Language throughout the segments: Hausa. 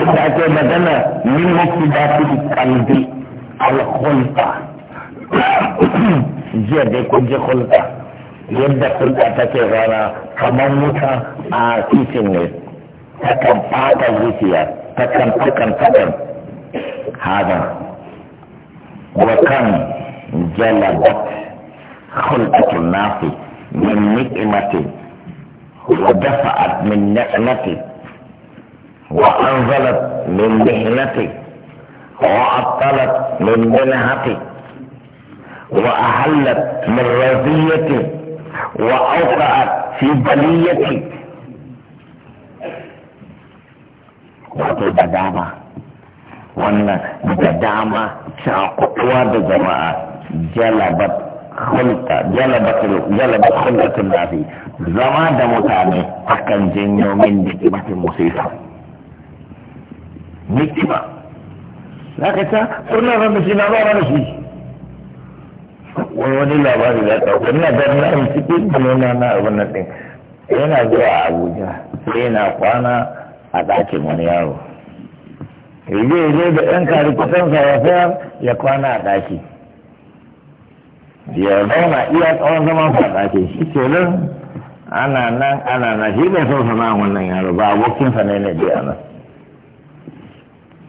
inda ake magana min mafi da su kalbi alkhulta jiya dai kun ji hulta yadda hulta take rana kamar wuta a titin ne takan fata zuciya takan takan takan wa kan jalabat hulɗatun nafi min ni'imatin wa dafa'at min ni'imatin وأنزلت من محنتي وعطلت من منهتي وأحلت من رضيتي وأوقعت في بليتي وتبدا ما وانا بدا شاقوا بجماعة جلبت خلطة جلبت جلبت خلطة الله زمان دموتاني أكن جنيو من دكتبات المصيصة mai kiba za ka ta wannan ranar shi na ba ranar shi wani labari za ta wuce na ganin na cikin nuna na abin nan ɗin yana zuwa abuja sai yana kwana a ɗakin wani yaro yaje yaje da ɗan kari kusan sa ya sayar ya kwana a ɗaki ya zauna iya tsawon zaman sa a ɗaki shi ke nan ana nan ana nan shi ne sau sana wannan yaro ba abokinsa ne ne biya nan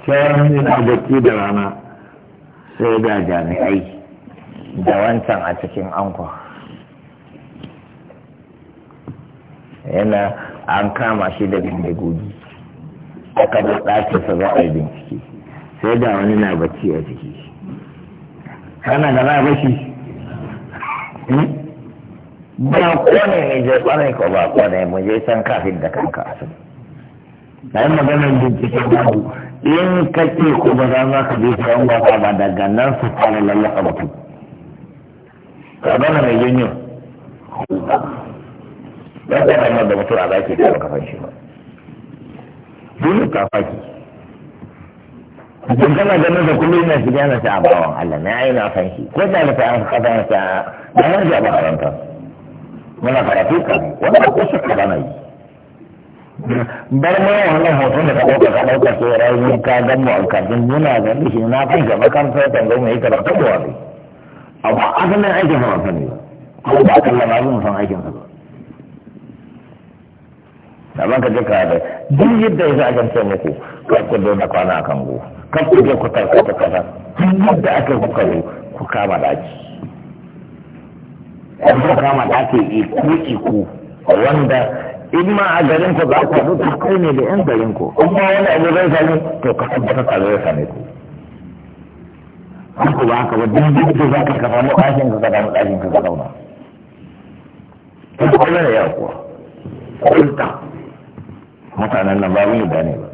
can yana bacci da rana sai ga jami'ai da wancan a cikin anko yana an kama shi da bindigogi aka da ɗakinsa za a yi bincike sai da wani na bacci a ciki kana da na a bashi hmm? ba kone ne je kwanai ko ba kone mu je san kafin da kanka asali da yin maganar binciken babu in ka ce ko ba za ka ka yan wasa ba daga nan su fara lallaka mutum ka gana mai yin yau ya ce hanyar da mutum a zaki ta kafan shi ba dole ka fashe idan kana ganin da kullum na shiga na ba abawan Allah na yi na san shi ko da na fa'an kafa na ta na yanzu a makaranta muna karatu kan wanda ko shi na yi bar ma wannan hoton da ka ɗauka ka ɗauka ke rayuwar ka gan mu alkafin muna ga shi na fi gaba kan sai kan gama yi karatu da wani amma asalin aikin sama sani ba ko ba kan lamarin san aikin sa ba amma ka je ka da duk yadda ya zaga ce muku ka ku na kwana a kango kar ku je ku tarkata kaza duk yadda aka yi kuka ku kama daki ku kama daki iko iku wanda in ma a garin ku ba ka zo ta kai ne da yan garin ku in ma wani abu zai sami to ka tabbata ka zai sami ku haka ba ka ba duk da za ka ka samu ɗakin ka ka samu ɗakin ka ka zauna kun kwallo ne ya kuwa kulta mutanen nan ba mu gane ba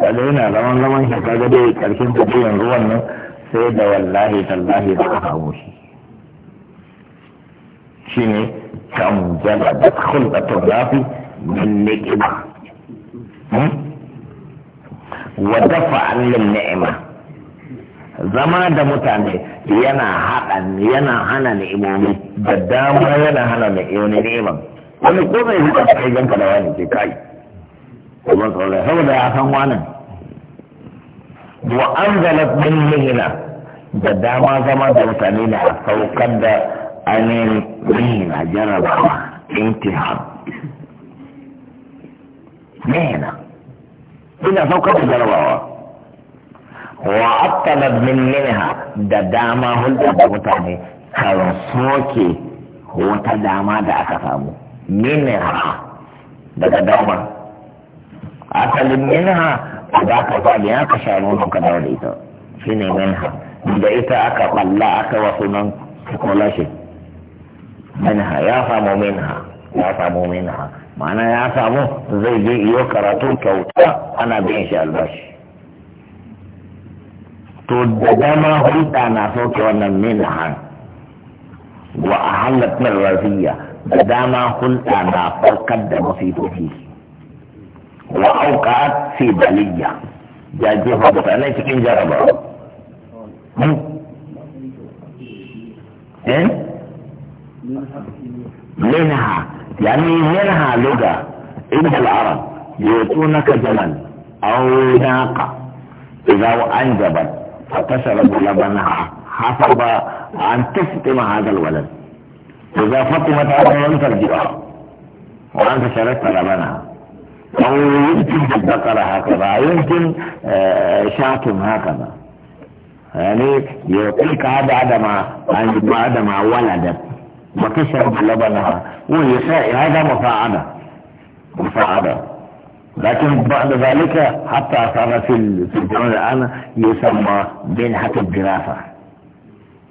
kaga yana zaman zaman shi kaga dai karshen tafiyan ruwan nan sai da wallahi tallahi ba aka hawo shi ne كم جلبت خلقة الرافي من نعمة ودفع للنعمة zama da mutane yana haɗan yana hana ni'imomi da dama yana hana ni'imomi ni'imam wani ko zai hukunta kai ganka da wani ke kai kuma tsoron saboda ya san wannan wa anzalat min mihna da dama zama da mutane na saukar da ainihin raina jarabawa intihab raina ina saukar da jarabawa wa attalat min minha da dama hulɗa da mutane kan soke wata dama da aka samu minha daga dama asalin minha da ka faɗi ya ka sha nono ka dawo da ita shine minha da ita aka balla aka wasu nan scholarship منها يا فامو منها يا فامو منها معنى يا فامو زي جي يو كراتو كوتا أنا بيش البش تددما هلتا ناسوك وانا منها وأحلت من الرزية ددما هلتا ناسوك قد مصيبه فيه وأوقعت في بلية جاجي هبط أنا تكين جربه ايه منها يعني منها لغة عند العرب يؤتونك جمل أو ناقة إذا أنجبت فكسرت لبنها حسب أن تفطم هذا الولد إذا فطمت هذا الولد ترجعها وأنت شربت لبنها أو يمكن البقرة هكذا يمكن آه، شاتم هكذا يعني يعطيك هذا بعد ما ولدت وتشرب لبنها هذا مساعدة مساعدة لكن بعد ذلك حتى صار في في الجنون الآن يسمى بنحة الدراسة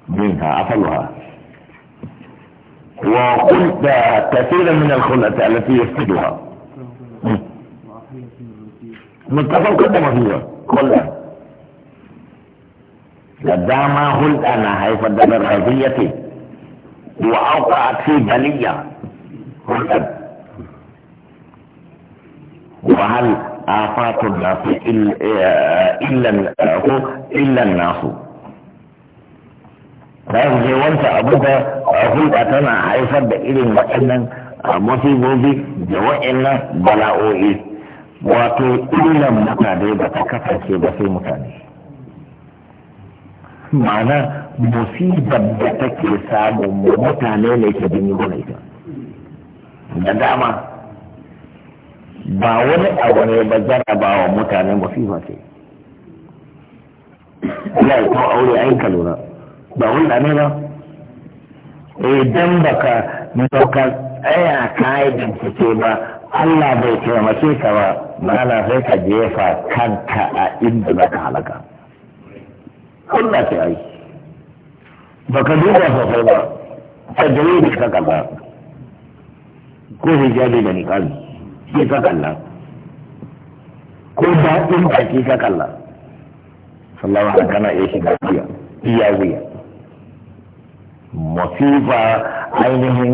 بينها أصلها وقلت كثيرا من الخلطة التي يفقدها متفق قدم فيها كلها لدى ما قلت أنا حيث الدبر خلفيتي وأوقعت في بلية رتب وهل آفات الناس آه، إلا العقوق آه، إلا الناس لأن جوانت أبدا عقوق أتنا حيث بإذن وإن مصيبه بي جوانا بلاؤه واتو إلا متعدي بتكفر في بسي متعدي معنى musibar da take samun mu mutane ne ke jini yi ita da dama ba wani abu ne ba wa mutane musifa ce ya yi kuma aure a ka lura ba wanda ne ba idan eh, ka, nuka tsaya ka yi bincike ba Allah bai taimake ka ba ba na sai ka jefa kanka a inda za ka halaka. Allah ce aiki. ba ka duba sosai ba tajiri da ka kaza ko hijabi da niqabi shi ka kalla ko ba in baki ka kalla sallallahu alaihi kana iya shiga biya iya wuya musifa ainihin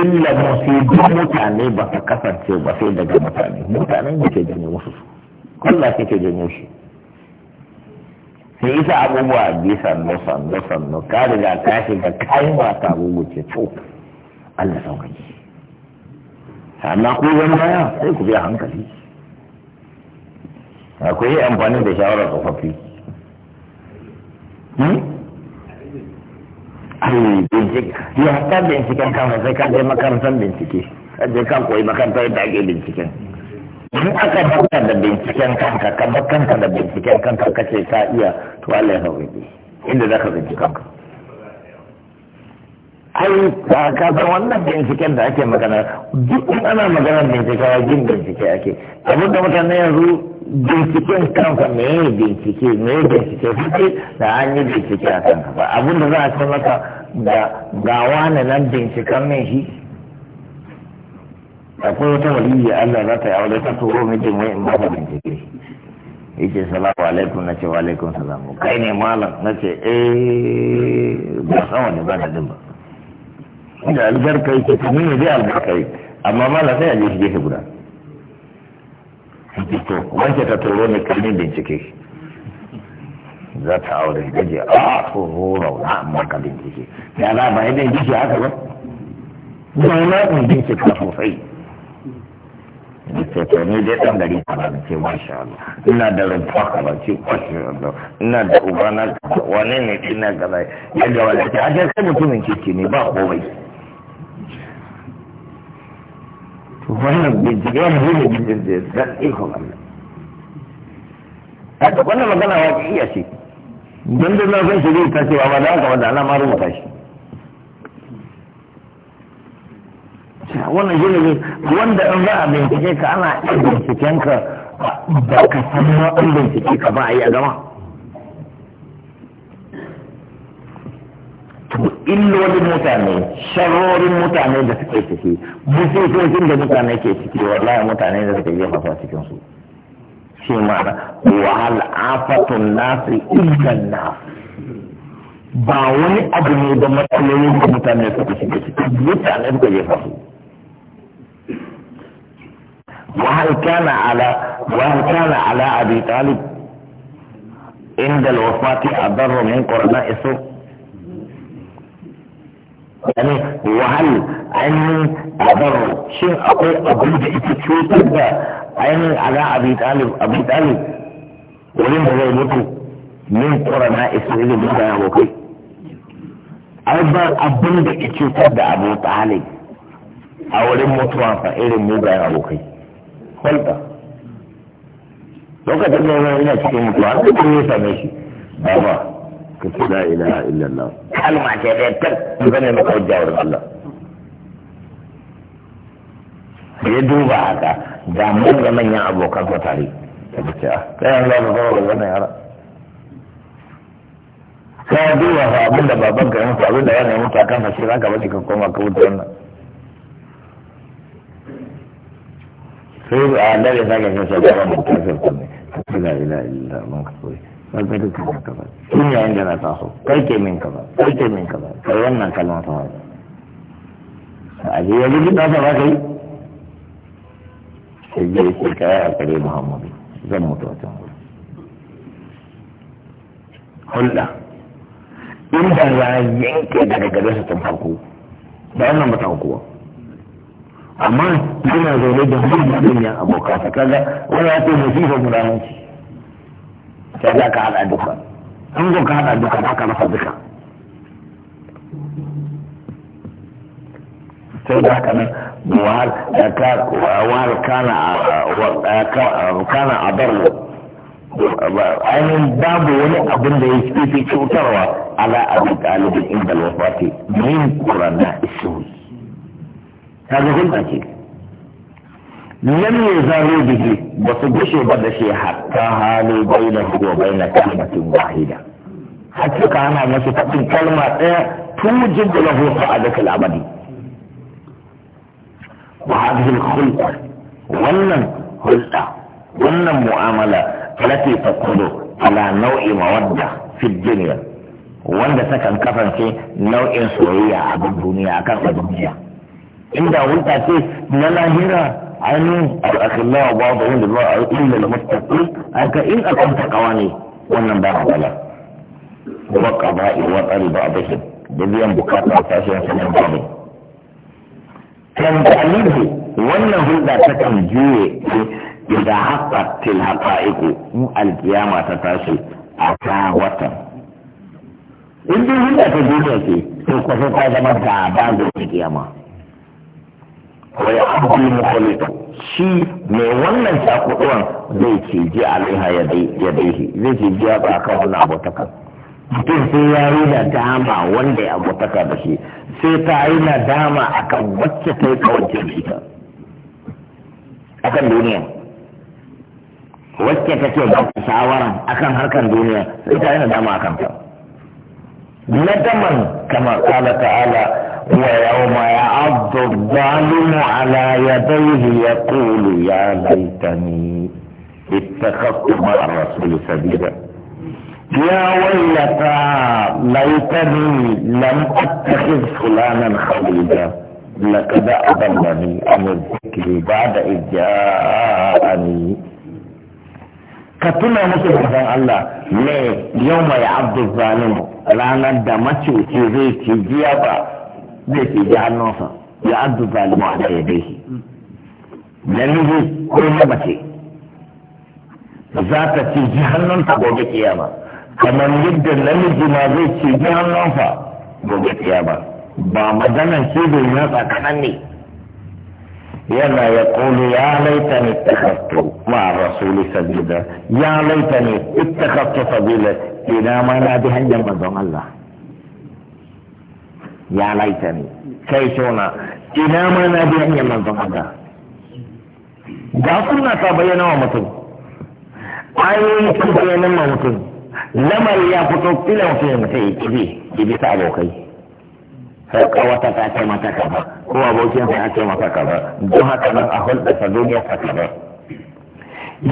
illa musibin mutane ba ka kasance ba sai daga mutane mutanen ne ke janye musu Allah ke janye shi sai yi sa abubuwa bi sannu sannu sannu ka riga ka shiga kayan wata abubuwa ce to Allah sauƙaƙe sannan ko zan baya sai ku biya hankali akwai amfani da shawarar tsofaffi hmm? ai bincike ya ta binciken kama sai ka je makarantar bincike ka je ka koyi makarantar da ake binciken in aka baka da binciken kanka ka bakanka da binciken kanka kace ka iya to Allah ya sauƙaƙe inda za ka zanci kanka ai ba ka san wannan binciken da ake magana duk in ana magana bincike ya jin bincike ake abin da mutane yanzu binciken kanka me ne bincike me ne bincike suke da an yi bincike a kanka ba abin da za a san maka da gawa na nan binciken mai shi akwai wata waliyya Allah za ta yi aure ta turo mijin wa'in ba ta bincike yake salamu alaikum na ce wa alaikum salamu kai ne malam na ce eh ba san wani ba da din ba inda albarka yake ta nuna zai albarka yi amma malam sai a je shi gefe guda to wanke ta turo ne kalmin bincike za ta aure shi gaje a ah, tsoro rauna amma ka bincike ya za ba yadda yake haka ba ba na kun bincike sosai ce to ni dai dan gari kaza na ce masha Allah ina da rumfa kaza ce masha Allah ina da ubana kaza wani ne ina kaza ya ga wani ce a ce kai mutumin kirki ne ba komai to wannan bincike wannan ne bincike da ikon Allah haka wannan magana wa iya ce don da na san shi zai kasewa ba da haka wanda ana ma rubuta shi wannan shi ne wanda in za a bincike ka ana iya binciken ka ba ka san ma an bincike ka ba a yi a gama to illolin mutane sharorin mutane da suke ciki musulcin da mutane ke ciki wallahi mutane da suke jefa su cikin su shi wa wahal afatun nasi illan nasu ba wani abu ne da matsalolin da mutane suka shiga ciki mutane suka jefa su وهل كان على وهل كان على ابي طالب عند الوفاة أضر من قرناء سوء يعني وهل أني أضر شيء أقول أقول بإتشوي تبدا أني على أبي طالب أبي طالب ولم يموت من قرناء سوء إذا بدا يا وكي أيضا أبن بإتشوي تبدا أبو طالب أولم متوافى إلى مبا يا وكي kwalta lokacin da yana ina cikin mutuwa an kuma ya same shi ba ba ka ce la ilaha illallah kalma ce da ta zane na maka hujjawar Allah ya duba haka da mun ga manyan abokan sa tare ta ce a ah, kayan za mu zama da wannan yara ka duba abin da baban ka yin faru da wannan mutakan sa shi za ka bace ka koma ka wuce wannan sai da a dare sake kan sa da ta fi kunne ila ila ila man ka soyi ga duka na kaza tun yayin da na taso kai ke min kai ke min ba kai wannan kalma ta wani a je yanzu duk nasa ba kai sai je ce kaya a kare muhammadu zan mutu a can wuri hulɗa inda ya yanke daga gare su tun farko da wannan ba ta amma yana zaune da manyan abokan sa kaga wani ya ce musifa mulananci sai za ka haɗa duka in zo ka haɗa duka za ka rasa duka sai da haka nan wahal kana a barlo ainihin babu wani abin da ya fi cutarwa ala abin ɗalibin inda wafati min kurana isuri هذا هو الأجيب لم يزالوا به وصدشوا بدشي حتى هالوا بينه وبين كلمة واحدة حتى كان الناس تقول كلمة إيه، توجد له سعادة الأبدي وهذه الخلطة ولن خلطة ولن معاملة التي تقول على نوع مودة في الدنيا وأن سكن كفن في نوع سورية عبد الدنيا كفن الدنيا inda wuta ce na lahira ainihin al'akillah wa ba wanda ba a illa da mustafi haka in a takawa ne wannan ba a wala wa qada wa tsari ba a bashi da biyan bukata a sashen sanar ba ne wannan hulɗa ta kan juye idan haƙa til haƙa'iku in ta a duniya ce to ta zama gaba da wa ya abdi mukhalitu shi mai wannan cakuɗuwan zai cije alaiha ya daihi zai cije ya ba kan wannan abotakan mutum sai ya yi da dama wanda ya abotaka da shi sai ta yi na dama akan wacce ta yi kawance da ita akan duniya wacce ta take ba ta a kan harkar duniya sai ta yi na dama a kan ta na daman kamar kala ta'ala ويوم يعض الظالم على يديه يقول يا ليتني اتخذت مع الرسول سبيلا يا ويلتى ليتني لم اتخذ فلانا خليلا لقد اضلني عن الذكر بعد اذ جاءني ka مثل musu الله ليه يوم yau الظالم abdu zalim ranar da macuci بيت يجعل نوصا يعد ظالم على يديه لم يجد كل نبتي ذات جهنم نوصا قوة قيامة كمن يجد لم يجد ما بيت يجعل نوصا قوة قيامة بامدنا سيد الناس أكحني يلا يقول يا ليتني اتخذت مع الرسول سجدا يا ليتني اتخذت فضيلة إلى ما نادي هنجم الله ya laita ne kai sona ina ma na bi hanyar manzon Allah ga sunna ta bayyana wa mutum ayoyin kan bayyana ma mutum lamari ya fito kila mutum ya mutum ya kibi kibi ta abokai sai kawata ta ce mata kaza ko abokin a ce mata kaza don haka nan a hulɗa ta duniya ta kaza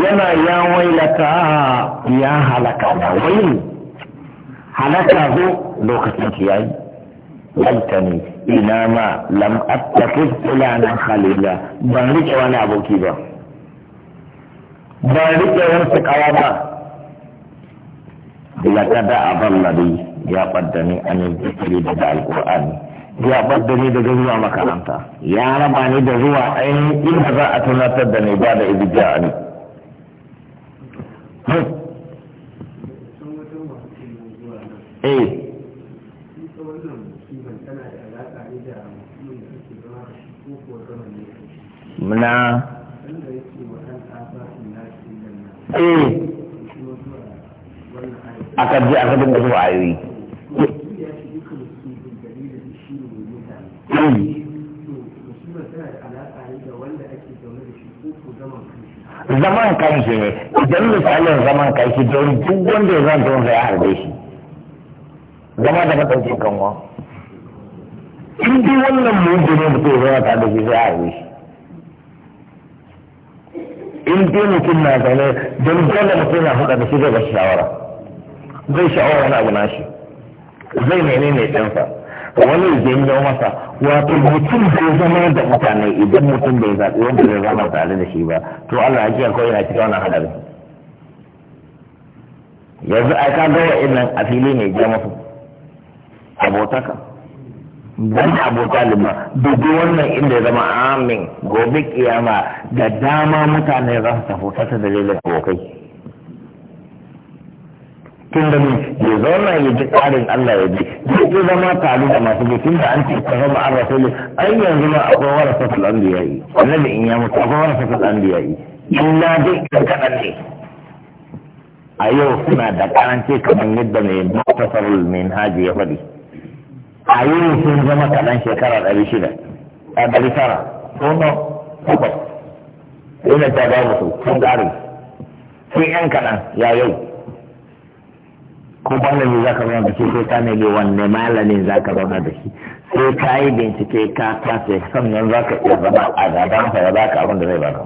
yana ya wailata ya halaka da wayin halaka zo lokacin ki yayi laitani ina ma lam attakiz fulana khalila ban rike wani aboki ba ban rike wani sakawa ba lakada aballadi ya baddani an zikiri daga alqur'ani ya baddani daga zuwa makaranta ya raba ni da zuwa ainihin inda za a tunatar da ni ba da ibija ni hmm. eh na eh aka ji aka dinga zuwa ayoyi hmm. zaman kanshi ne idan misalin zaman kanshi don duk wanda ya zan zonsa ya harbe shi zama da matsaukin kanwa in dai wannan mugu ne mutum ya zama tare da shi sai a yi shi in dai mutum na zane don dole mutum na faɗa da shi zai ba shawara zai sha'awar wani abu nashi zai mene ne ɗansa wani zai yi masa wato mutum bai zama da mutane idan mutum bai zaɓi wanda zai zama tare da shi ba to Allah ya kiyar kawai na cika wani hadari yanzu a ka ga wa'in a fili mai ja masu abotaka dan abu talima dubu wannan inda ya zama amin gobe kiyama da dama mutane za su tafi ta dalilin abokai tun da ya zauna ya ji tsarin Allah ya ji zai ke zama tare da masu bi tun da an ce ta zama an rasuli an yanzu ma akwai wara warasa al'anbiya'i da in ya mutu akwai warasa in, na dai kan kaɗan ne a yau suna da karance kamar yadda mai mutasarul min haji ya faɗi. a yi sun zama kaɗan shekara ɗari shida a ɗari tara ko na takwas yana ta ba musu sun ƙare sun ƴan kaɗan ya yau ko malami za ka zauna da shi sai ka ne wanne malami za ka zauna da shi sai ka yi bincike ka tace sannan za ka iya zama a gaban sa ya ka abin da zai ka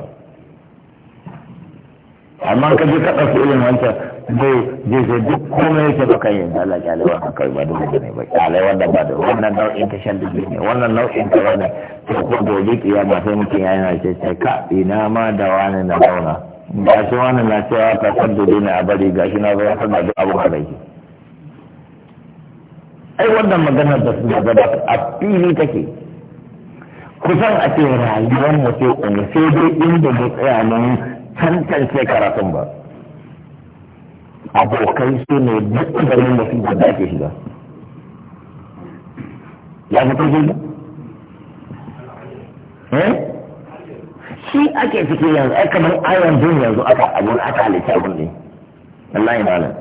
amma ka je ka ɗauki irin wancan zai zai zai duk komai yake baka yin Allah kyalewa haka ba duk ne ba kyalewa wanda ba da wannan nau'in ta shan dubi ne wannan nau'in ta wani ta ko kiya kiyama sai mutum ya yana ce sai ka ina ma da wani na zauna ga shi wani na cewa ta saddudu ne a bari ga shi na zo ya fada da abu kada yake ai wannan maganar da su gaba a fili take kusan a ce rayuwar mu sai sai dai inda mu tsaya mun tantance karatun ba abokai su ne duk garin musibar da ake shiga ya fito jirgin eh? shi ake ciki yanzu ai kamar a yanzu yanzu aka abun aka halitta abun ne Allah ya malam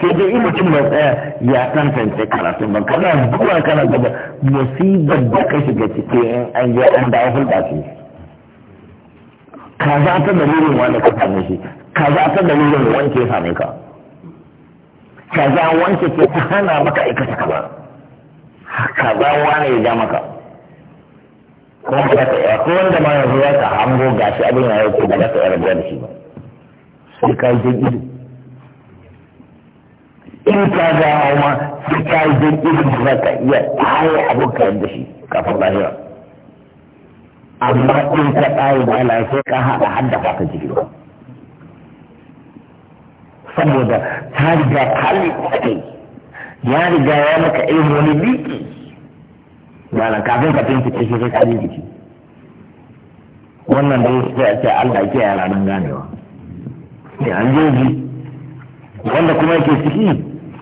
sai dai in mutum bai tsaya ya tantance karatu ba kana zuwa kana gaba musibar da ka shiga cikin an je an ya hulɗa ce za ta dalilin wanda ka same shi za ta dalilin wanke same ka za wanke ke ta hana maka aikata ka za wani ya ja maka ba ko wanda ma yanzu ya ka hango gashi abin ya yau ko ba za ka iya da shi ba sai ka yi ido in ka ga ma sai ka yi ido ba za ka iya tsaye abokan da shi kafin lahira amma in ka tsari da Allah sai ka haɗa haddafa ta jiki ba saboda ta riga kali kai ya riga ya maka irin wani biki malam kafin ka bincike shi sai ka jiki wannan dai sai a ce Allah ke yara nan ganewa ne an jeji wanda kuma yake ciki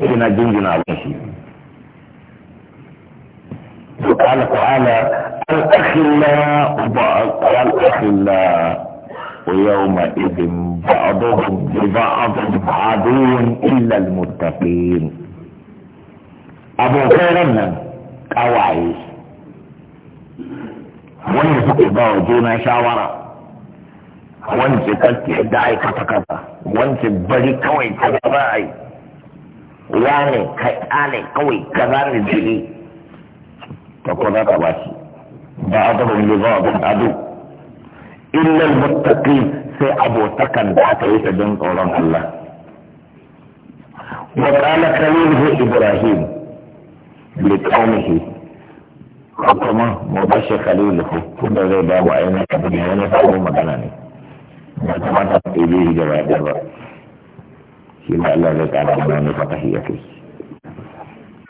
sai jinjina a abin سبحانه وتعالى الاخلاء الاخلاء ويومئذ بعضهم ببعض عدون الا المتقين ابو كرم قوعي وين يسوق يباو دون شاورة وين سكت يدعي كذا كذا وين سبري قوي كذا باعي يعني كي قوي كذا رجلي to ko ka ba ba a gaba ne ba abin ado illal muttaqin sai abotakan da aka yi ta don tsoron Allah wa qala kalimuhu ibrahim li qaumihi kuma mu bashi khaliluhu kuma zai ba mu ayyana kabin yana magana ne ba ta ba shi ma Allah zai ƙara mana ya kai